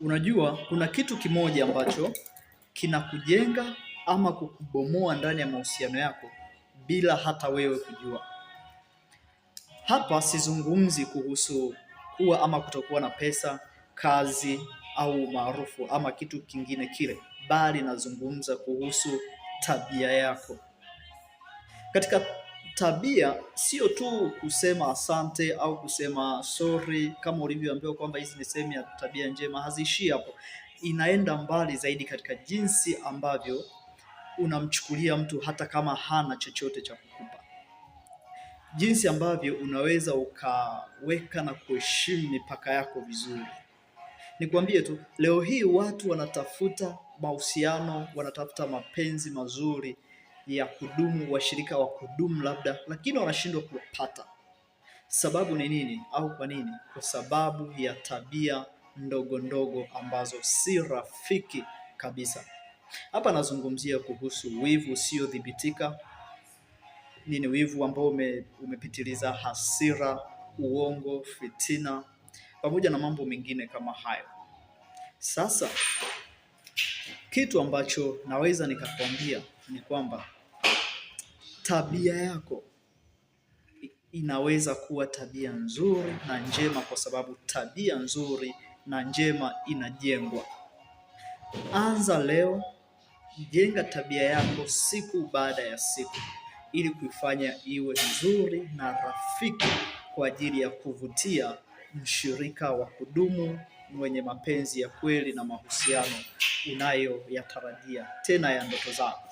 Unajua, kuna kitu kimoja ambacho kinakujenga ama kukubomoa ndani ya mahusiano yako bila hata wewe kujua. Hapa sizungumzi kuhusu kuwa ama kutokuwa na pesa, kazi au maarufu ama kitu kingine kile, bali nazungumza kuhusu tabia yako katika tabia sio tu kusema asante au kusema sorry, kama ulivyoambiwa kwamba hizi ni sehemu ya tabia njema. Haziishii hapo, inaenda mbali zaidi katika jinsi ambavyo unamchukulia mtu hata kama hana chochote cha kukupa, jinsi ambavyo unaweza ukaweka na kuheshimu mipaka yako vizuri. Nikwambie tu leo hii watu wanatafuta mahusiano, wanatafuta mapenzi mazuri ya kudumu, washirika wa kudumu labda, lakini wanashindwa kupata. Sababu ni nini au kwa nini? Kwa sababu ya tabia ndogo ndogo ambazo si rafiki kabisa. Hapa nazungumzia kuhusu wivu usiodhibitika. Nini wivu ambao ume, umepitiliza, hasira, uongo, fitina pamoja na mambo mengine kama hayo. Sasa kitu ambacho naweza nikakwambia ni kwamba tabia yako inaweza kuwa tabia nzuri na njema, kwa sababu tabia nzuri na njema inajengwa. Anza leo, jenga tabia yako siku baada ya siku, ili kuifanya iwe nzuri na rafiki kwa ajili ya kuvutia mshirika wa kudumu mwenye mapenzi ya kweli na mahusiano unayoyatarajia tena ya ndoto zako.